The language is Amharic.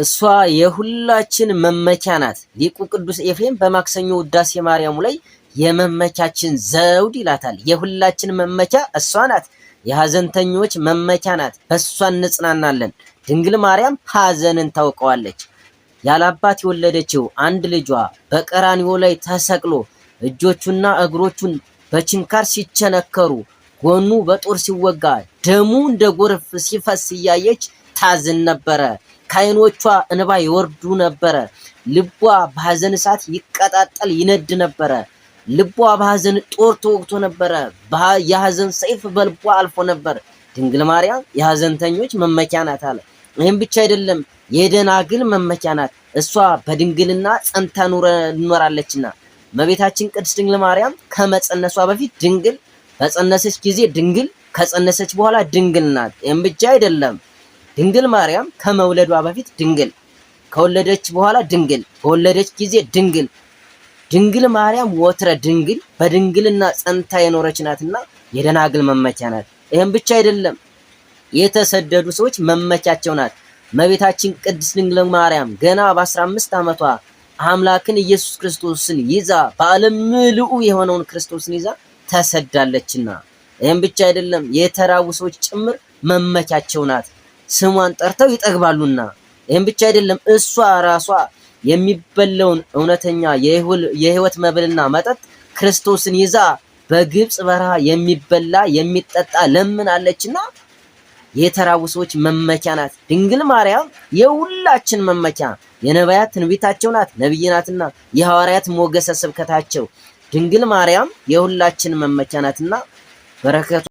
እሷ የሁላችን መመኪያ ናት። ሊቁ ቅዱስ ኤፍሬም በማክሰኞ ውዳሴ ማርያሙ ላይ የመመኪያችን ዘውድ ይላታል። የሁላችን መመኪያ እሷ ናት። የሐዘንተኞች መመኪያ ናት። በእሷ እንጽናናለን። ድንግል ማርያም ሐዘንን ታውቀዋለች። ያላባት የወለደችው አንድ ልጇ በቀራንዮ ላይ ተሰቅሎ እጆቹና እግሮቹን በችንካር ሲቸነከሩ፣ ጎኑ በጦር ሲወጋ፣ ደሙ እንደ ጎርፍ ሲፈስ እያየች ታዝን ነበረ። ከዓይኖቿ እንባ ይወርዱ ነበረ። ልቧ በሐዘን እሳት ይቀጣጠል ይነድ ነበረ። ልቧ በሐዘን ጦር ተወግቶ ነበረ። የሐዘን ሰይፍ በልቧ አልፎ ነበር። ድንግል ማርያም የሐዘንተኞች መመኪያ ናት አለ። ይህም ብቻ አይደለም፣ የደናግል መመኪያ ናት። እሷ በድንግልና ጸንታ ኖራለችና እመቤታችን ቅድስት ድንግል ማርያም ከመጸነሷ በፊት ድንግል፣ በጸነሰች ጊዜ ድንግል፣ ከጸነሰች በኋላ ድንግል ናት። ይህም ብቻ አይደለም ድንግል ማርያም ከመውለዷ በፊት ድንግል፣ ከወለደች በኋላ ድንግል፣ በወለደች ጊዜ ድንግል። ድንግል ማርያም ወትረ ድንግል በድንግልና ጸንታ የኖረች ናትና የደናግል መመኪያ ናት። ይህም ብቻ አይደለም፣ የተሰደዱ ሰዎች መመኪያቸው ናት። መቤታችን ቅድስት ድንግል ማርያም ገና በ15 ዓመቷ አምላክን ኢየሱስ ክርስቶስን ይዛ በዓለም ምልኡ የሆነውን ክርስቶስን ይዛ ተሰዳለችና፣ ይህም ብቻ አይደለም፣ የተራቡ ሰዎች ጭምር መመኪያቸው ናት። ስሟን ጠርተው ይጠግባሉና ይህም ብቻ አይደለም፣ እሷ ራሷ የሚበላውን እውነተኛ የህይወት መብልና መጠጥ ክርስቶስን ይዛ በግብፅ በረሃ የሚበላ የሚጠጣ ለምናለችና የተራቡ ሰዎች መመኪያ ናት። ድንግል ማርያም የሁላችን መመኪያ፣ የነቢያት ትንቢታቸው ናት፣ ነቢይ ናትና የሐዋርያት ሞገሰ ስብከታቸው። ድንግል ማርያም የሁላችን መመኪያ ናትና በረከቱ